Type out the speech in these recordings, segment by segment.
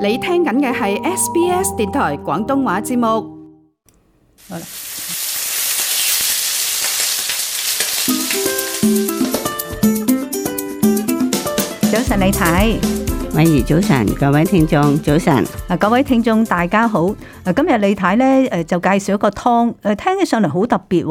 你聽緊嘅係 SBS 電台廣東話節目。好啦，早晨李太，敏儀早晨，各位聽眾，早晨啊，各位聽眾大家好。啊，今日李太咧，誒，就介紹一個湯，誒，聽起上嚟好特別，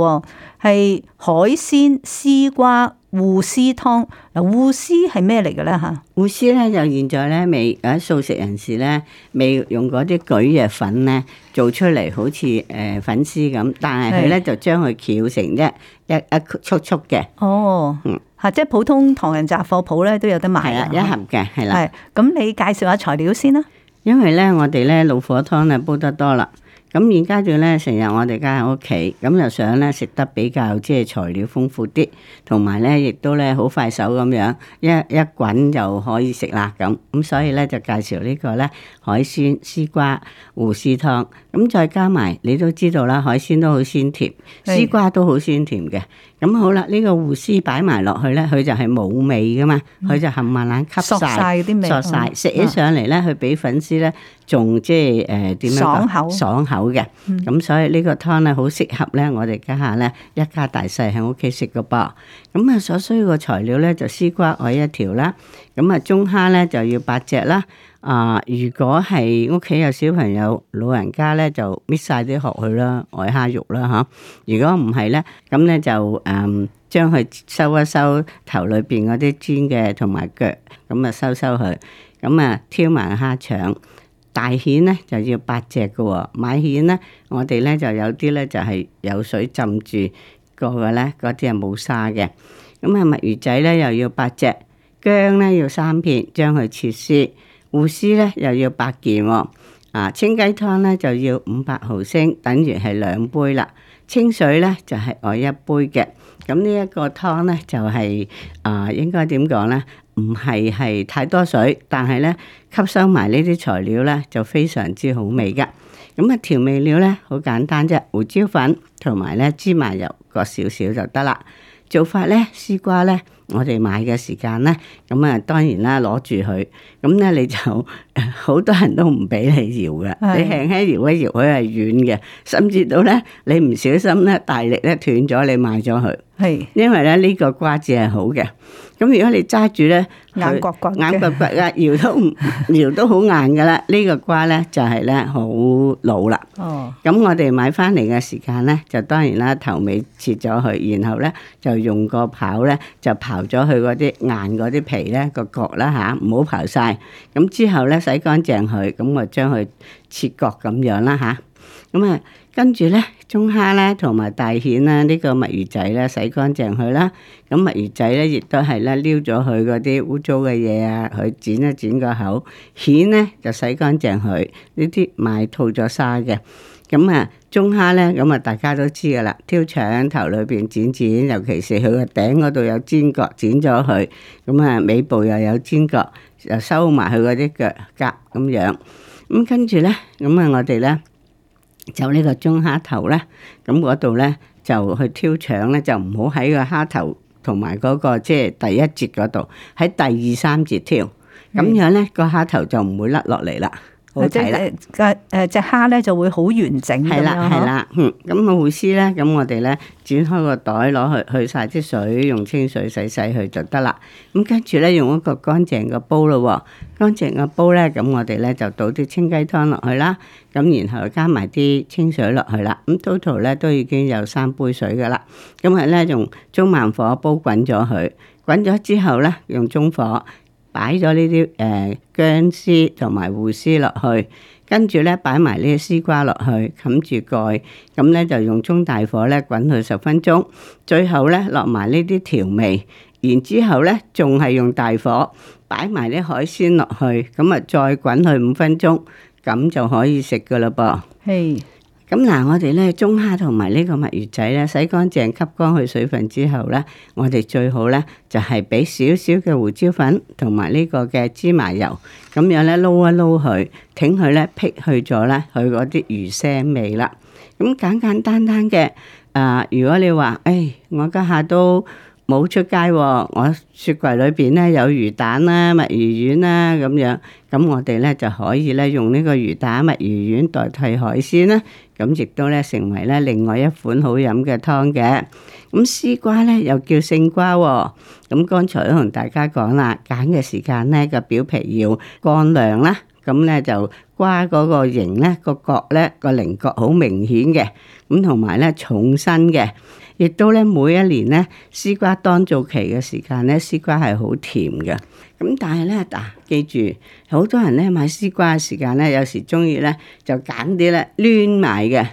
係海鮮絲瓜。芋絲湯嗱，芋絲係咩嚟嘅咧？吓芋絲咧就現在咧未，嗰啲素食人士咧未用嗰啲蒟蒻粉咧做出嚟，好似誒粉絲咁，但係佢咧就將佢翹成一一一束束嘅。速速哦，嗯，吓即係普通唐人雜貨鋪咧都有得賣，係啊，一盒嘅係啦。係咁，你介紹下材料先啦。因為咧，我哋咧老火湯咧煲得多啦。咁而家仲咧成日我哋家喺屋企，咁又想咧食得比較即係材料豐富啲，同埋咧亦都咧好快手咁樣，一一滾就可以食啦咁。咁所以咧就介紹個呢個咧海鮮絲瓜芋絲湯。咁再加埋，你都知道啦，海鮮都好鮮甜，絲是瓜都好鮮甜嘅。咁好啦，呢、這個芋絲擺埋落去咧，佢就係冇味噶嘛，佢、嗯、就冚唪唥吸曬啲味，吸曬，食起上嚟咧，佢俾粉絲咧，仲即係誒點樣爽口爽口嘅。咁所以個湯呢個湯咧，好適合咧，我哋家下咧一家大細喺屋企食嘅噃。咁啊，所需要嘅材料咧，就絲瓜我一條啦，咁啊，中蝦咧就要八隻啦。啊、呃！如果係屋企有小朋友、老人家咧，就搣晒啲殼佢啦，外蝦肉啦嚇、啊。如果唔係咧，咁咧就誒、嗯、將佢收一收頭裏邊嗰啲尖嘅同埋腳，咁啊收收佢。咁啊挑埋蝦腸，大蜆咧就要八隻㗎喎、哦，買蜆咧我哋咧就有啲咧就係、是、有水浸住、那個嘅咧，嗰啲係冇沙嘅。咁啊墨魚仔咧又要八隻，薑咧要三片，將佢切絲。芋絲咧又要八件喎，啊，清雞湯咧就要五百毫升，等於係兩杯啦。清水咧就係我一杯嘅，咁呢一個湯咧就係、是、啊、呃，應該點講咧？唔係係太多水，但係咧吸收埋呢啲材料咧就非常之好味噶。咁啊調味料咧好簡單啫，胡椒粉同埋咧芝麻油各少少就得啦。做法咧絲瓜咧。我哋買嘅時間咧，咁啊當然啦，攞住佢，咁咧你就好多人都唔俾你搖嘅，你輕輕搖一搖佢係軟嘅，甚至到咧你唔小心咧大力咧斷咗你買咗佢，係因為咧呢個瓜子係好嘅，咁如果你揸住咧硬骨骨硬骨骨咧搖都搖都好硬㗎喇，呢個瓜咧就係咧好老啦。哦，咁我哋買翻嚟嘅時間咧，就當然啦頭尾切咗佢，然後咧就用個刨咧就刨。刨咗佢嗰啲硬嗰啲皮咧個角啦吓，唔、啊、好刨晒。咁、啊、之後咧洗乾淨佢，咁啊將佢切割咁樣啦吓。咁啊，啊跟住咧，中蝦啦同埋大蜆啦，呢、這個墨魚仔啦洗乾淨佢啦。咁、啊、墨魚仔咧亦都係咧撩咗佢嗰啲污糟嘅嘢啊，佢剪一剪個口。蜆咧就洗乾淨佢，呢啲賣吐咗沙嘅。咁啊，中蝦咧，咁啊大家都知噶啦，挑腸頭裏邊剪剪，尤其是佢個頂嗰度有尖角剪，剪咗佢，咁啊尾部又有尖角，又收埋佢嗰啲腳甲咁樣。咁跟住咧，咁啊我哋咧就呢個中蝦頭咧，咁嗰度咧就去挑腸咧，就唔好喺個蝦頭同埋嗰個即係、就是、第一節嗰度，喺第二三節挑，咁樣咧個蝦頭就唔會甩落嚟啦。係啦，誒誒隻蝦咧就會好完整咁樣咯。咁護師咧，咁、嗯、我哋咧剪開個袋攞去去晒啲水，用清水洗洗佢就得啦。咁跟住咧用一個乾淨個煲咯，乾淨個煲咧，咁我哋咧就倒啲清雞湯落去啦。咁然後加埋啲清水落去啦。咁 total 咧都已經有三杯水噶啦。咁係咧用中慢火煲滾咗佢，滾咗之後咧用中火。擺咗呢啲誒薑絲同埋芋絲落去，跟住咧擺埋呢啲絲瓜落去，冚住蓋，蓋，咁咧就用中大火咧滾佢十分鐘。最後咧落埋呢啲調味，然之後咧仲係用大火擺埋啲海鮮落去，咁啊再滾佢五分鐘，咁就可以食噶啦噃。嘿。Hey. 咁嗱，我哋咧，中蝦同埋呢個墨魚仔咧，洗乾淨、吸乾去水分之後咧，我哋最好咧，就係俾少少嘅胡椒粉同埋呢個嘅芝麻油，咁樣咧撈一撈佢，挺佢咧，辟去咗咧，佢嗰啲魚腥味啦。咁簡簡單單嘅，誒、呃，如果你話，誒、哎，我家下都，冇出街喎、啊，我雪櫃裏邊咧有魚蛋啦、啊、墨魚丸啦、啊、咁樣，咁我哋咧就可以咧用呢個魚蛋、墨魚丸代替海鮮啦、啊，咁亦都咧成為咧另外一款好飲嘅湯嘅。咁絲瓜咧又叫勝瓜、啊，咁剛才都同大家講啦，揀嘅時間咧個表皮要乾涼啦。咁咧、嗯、就瓜嗰個形咧個角咧個棱角好明顯嘅，咁同埋咧重身嘅，亦都咧每一年咧絲瓜當造期嘅時間咧絲瓜係好甜嘅，咁、嗯、但係咧啊，記住好多人咧買絲瓜嘅時間咧有時中意咧就揀啲咧攣埋嘅，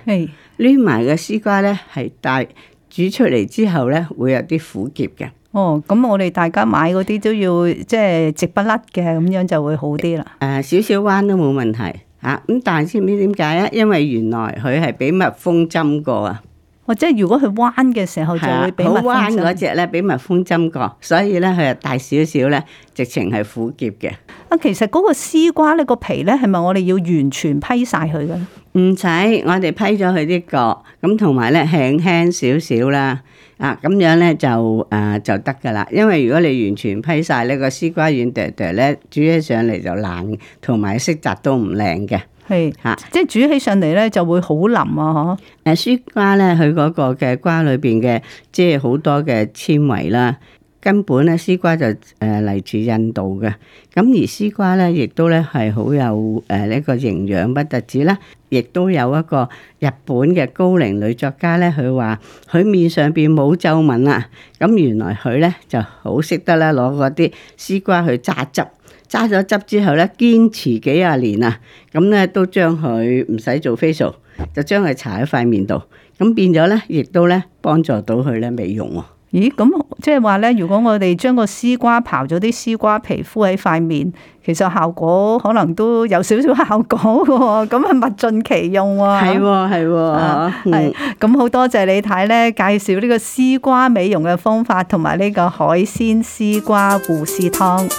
攣埋嘅絲瓜咧係帶煮出嚟之後咧會有啲苦澀嘅。哦，咁我哋大家買嗰啲都要即係直不甩嘅，咁樣就會好啲啦。誒，少少彎都冇問題吓。咁但係知唔知點解啊？因為原來佢係俾蜜蜂針過啊。或者如果佢彎嘅時候就會俾蜜蜂。好彎嗰隻咧，俾蜜蜂針過，所以咧佢係大少少咧，直情係苦澀嘅。啊，其實嗰個絲瓜咧個皮咧係咪我哋要完全批晒佢㗎？唔使，我哋批咗佢啲角，咁同埋咧輕輕少少啦。啊，咁樣咧就誒、呃、就得噶啦，因為如果你完全批晒呢個絲瓜，軟嗲嗲咧，煮起上嚟就爛，同埋色澤都唔靚嘅。係嚇是，啊、即係煮起上嚟咧就會好腍啊！嗬、嗯。誒、啊、絲瓜咧，佢嗰個嘅瓜裏邊嘅即係好多嘅纖維啦。根本咧，絲瓜就誒嚟、呃、自印度嘅。咁而絲瓜咧，亦都咧係好有誒呢、呃、個營養不特止啦。亦都有一個日本嘅高齡女作家咧，佢話佢面上邊冇皺紋啊。咁原來佢咧就好識得咧攞嗰啲絲瓜去揸汁，揸咗汁之後咧，堅持幾廿年啊。咁咧都將佢唔使做 facial，就將佢搽喺塊面度。咁變咗咧，亦都咧幫助到佢咧美容喎。咦，咁即係話咧，如果我哋將個絲瓜刨咗啲絲瓜皮敷喺塊面，其實效果可能都有少少效果喎，咁係物盡其用喎。係喎、哦，係喎、哦，係、啊。咁好多謝李太咧介紹呢個絲瓜美容嘅方法，同埋呢個海鮮絲瓜護士湯。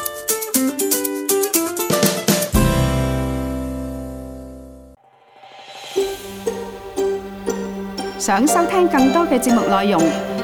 想收聽更多嘅節目內容。